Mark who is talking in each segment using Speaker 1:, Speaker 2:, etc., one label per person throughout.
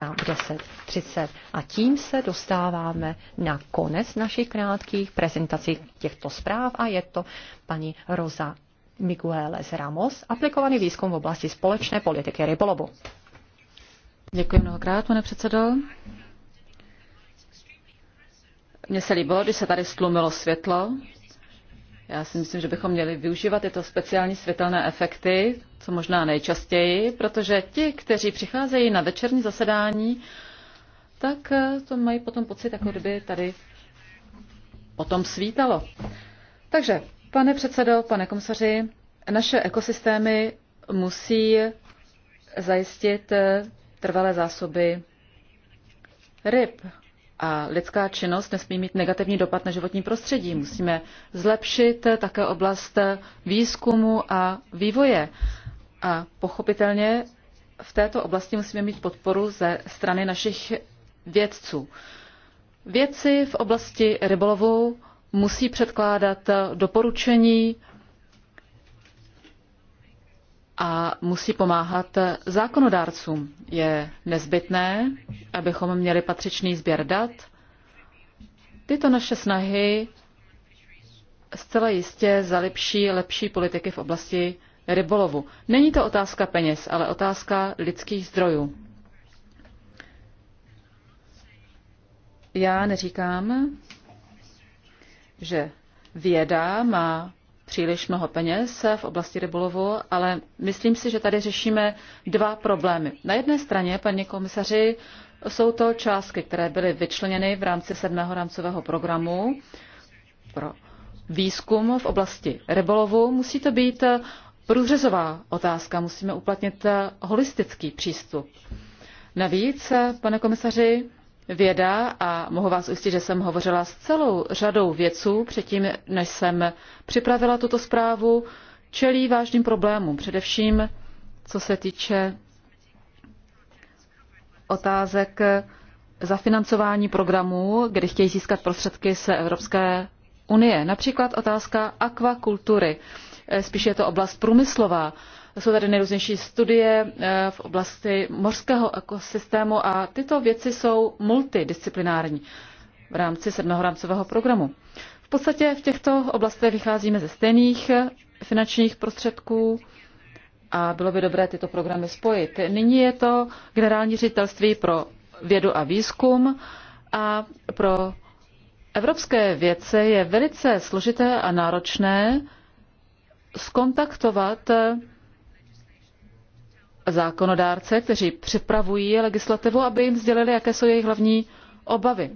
Speaker 1: v 10.30. A tím se dostáváme na konec našich krátkých prezentací těchto zpráv a je to paní Rosa Migueles Ramos, aplikovaný výzkum v oblasti společné politiky rybolovu. Děkuji mnohokrát, pane předsedo. Mně se líbilo, když se tady stlumilo světlo, já si myslím, že bychom měli využívat tyto speciální světelné efekty, co možná nejčastěji, protože ti, kteří přicházejí na večerní zasedání, tak eh, to mají potom pocit, jako kdyby tady potom svítalo. Takže, pane předsedo, pane komisaři, naše ekosystémy musí zajistit eh, trvalé zásoby ryb a lidská činnost nesmí mít negativní dopad na životní prostředí. Musíme zlepšit také oblast výzkumu a vývoje. A pochopitelně v této oblasti musíme mít podporu ze strany našich vědců. Vědci v oblasti rybolovu musí předkládat doporučení, a musí pomáhat zákonodárcům. Je nezbytné, abychom měli patřičný sběr dat. Tyto naše snahy zcela jistě zalepší lepší politiky v oblasti rybolovu. Není to otázka peněz, ale otázka lidských zdrojů. Já neříkám, že věda má příliš mnoho peněz v oblasti rybolovu, ale myslím si, že tady řešíme dva problémy. Na jedné straně, paní komisaři, jsou to částky, které byly vyčleněny v rámci sedmého rámcového programu pro výzkum v oblasti rybolovu. Musí to být průřezová otázka, musíme uplatnit holistický přístup. Navíc, pane komisaři, věda a mohu vás ujistit, že jsem hovořila s celou řadou věců předtím, než jsem připravila tuto zprávu, čelí vážným problémům, především co se týče otázek zafinancování programů, kdy chtějí získat prostředky z Evropské unie. Například otázka akvakultury. Spíše je to oblast průmyslová jsou tady nejrůznější studie eh, v oblasti mořského ekosystému a tyto věci jsou multidisciplinární v rámci sedmohorámcového programu. V podstatě v těchto oblastech vycházíme ze stejných finančních prostředků a bylo by dobré tyto programy spojit. Nyní je to generální ředitelství pro vědu a výzkum a pro evropské věce je velice složité a náročné skontaktovat zákonodárce, kteří připravují legislativu, aby jim sdělili, jaké jsou jejich hlavní obavy.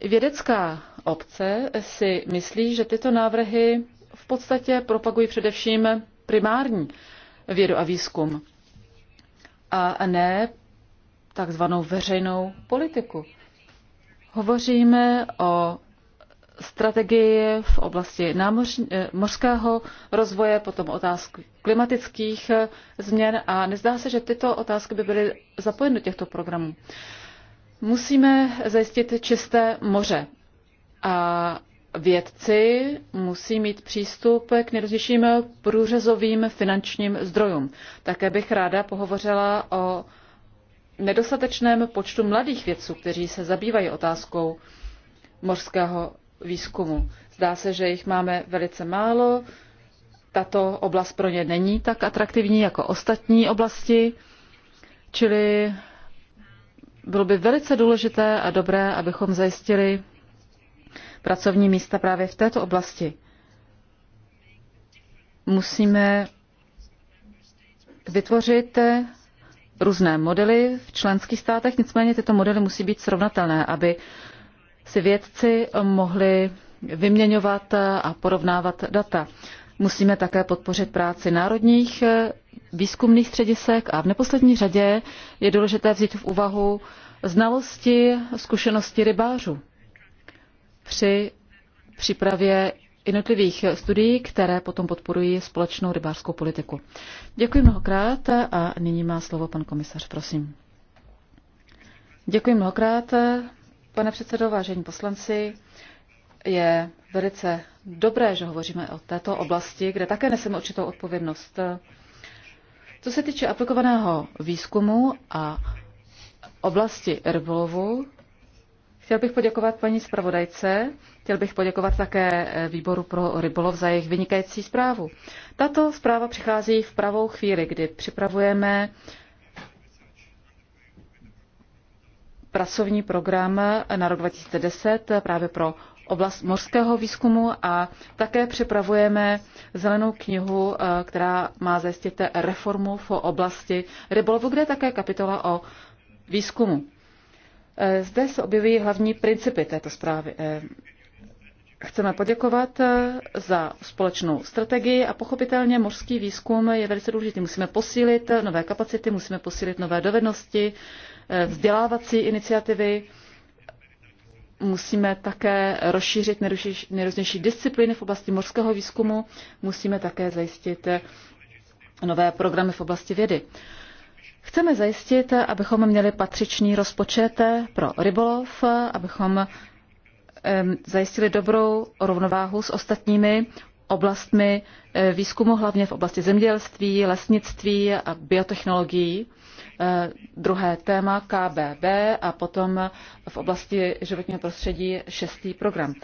Speaker 1: Vědecká obce si myslí, že tyto návrhy v podstatě propagují především primární vědu a výzkum a ne takzvanou veřejnou politiku. Hovoříme o strategii v oblasti eh, mořského rozvoje, potom otázky klimatických eh, změn a nezdá se, že tyto otázky by byly zapojeny do těchto programů. Musíme zajistit čisté moře a vědci musí mít přístup k nejrůznějším průřezovým finančním zdrojům. Také bych ráda pohovořila o nedostatečném počtu mladých vědců, kteří se zabývají otázkou mořského výzkumu. Zdá se, že jich máme velice málo. Tato oblast pro ně není tak atraktivní jako ostatní oblasti, čili bylo by velice důležité a dobré, abychom zajistili pracovní místa právě v této oblasti. Musíme vytvořit různé modely v členských státech, nicméně tyto modely musí být srovnatelné, aby si vědci mohli vyměňovat a porovnávat data. Musíme také podpořit práci národních eh, výzkumných středisek a v neposlední řadě je důležité vzít v úvahu znalosti, zkušenosti rybářů při přípravě jednotlivých studií, které potom podporují společnou rybářskou politiku. Děkuji mnohokrát a nyní má slovo pan komisař, prosím. Děkuji mnohokrát, Pane předsedo, vážení poslanci, je velice dobré, že hovoříme o této oblasti, kde také neseme určitou odpovědnost. Co se týče aplikovaného výzkumu a oblasti rybolovu, chtěl bych poděkovat paní zpravodajce, chtěl bych poděkovat také výboru pro rybolov za jejich vynikající zprávu. Tato zpráva přichází v pravou chvíli, kdy připravujeme pracovní program na rok 2010 právě pro oblast mořského výzkumu a také připravujeme zelenou knihu, eh, která má zajistit reformu v oblasti rybolovu, kde je také kapitola o výzkumu. Eh, zde se objevují hlavní principy této zprávy. Eh, chceme poděkovat za společnou strategii a pochopitelně mořský výzkum je velice důležitý. Musíme posílit nové kapacity, musíme posílit nové dovednosti, vzdělávací iniciativy. Musíme také rozšířit nejrůznější disciplíny v oblasti mořského výzkumu. Musíme také zajistit nové programy v oblasti vědy. Chceme zajistit, abychom měli patřičný rozpočet pro rybolov, abychom zajistili dobrou rovnováhu s ostatními oblastmi eh, výzkumu, hlavně v oblasti zemědělství, lesnictví a biotechnologií. Eh, druhé téma KBB a potom v oblasti životního prostředí šestý program.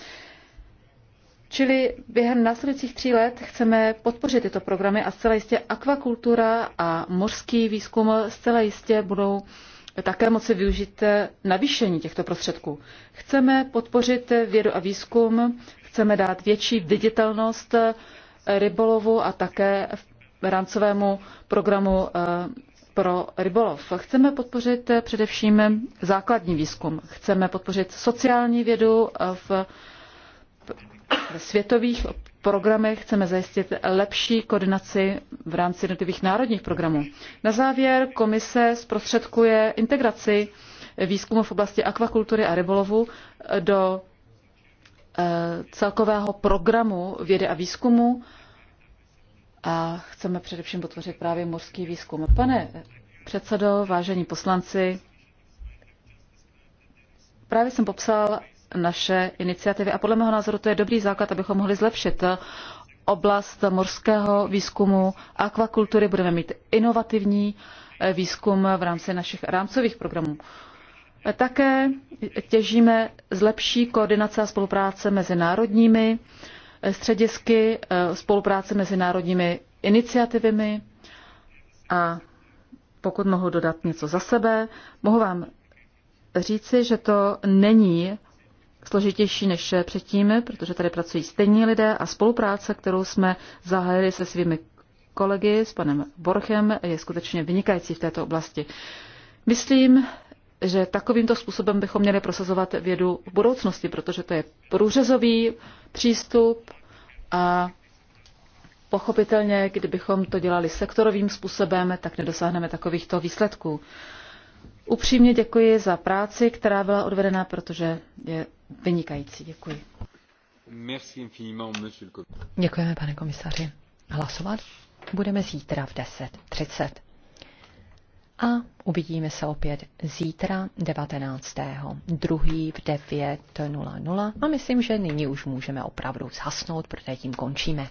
Speaker 1: Čili během následujících tří let chceme podpořit tyto programy a zcela jistě akvakultura a mořský výzkum zcela jistě budou také moci využít navýšení těchto prostředků. Chceme podpořit vědu a výzkum, chceme dát větší viditelnost rybolovu a také rámcovému programu eh, pro rybolov. Chceme podpořit především základní výzkum. Chceme podpořit sociální vědu v světových programech. Chceme zajistit lepší koordinaci v rámci jednotlivých národních programů. Na závěr komise zprostředkuje integraci výzkumu v oblasti akvakultury a rybolovu do eh, celkového programu vědy a výzkumu a chceme především potvořit právě mořský výzkum. Pane předsedo, vážení poslanci, právě jsem popsal naše iniciativy a podle mého názoru to je dobrý základ, abychom mohli zlepšit oblast mořského výzkumu, akvakultury, budeme mít inovativní výzkum v rámci našich rámcových programů. Také těžíme zlepší koordinace a spolupráce mezi národními středisky, eh, spolupráce mezi národními iniciativami a pokud mohu dodat něco za sebe, mohu vám říci, že to není složitější než předtím, protože tady pracují stejní lidé a spolupráce, kterou jsme zahájili se svými kolegy, s panem Borchem, je skutečně vynikající v této oblasti. Myslím, že takovýmto způsobem bychom měli prosazovat vědu v budoucnosti, protože to je průřezový přístup a pochopitelně, kdybychom to dělali sektorovým způsobem, tak nedosáhneme takovýchto výsledků. Upřímně děkuji za práci, která byla odvedena, protože je vynikající. Děkuji. Děkujeme, pane komisaři. Hlasovat budeme zítra v 10.30 a uvidíme se opět zítra 19. 2. v 9.00 a myslím, že nyní už můžeme opravdu zhasnout, protože tím končíme.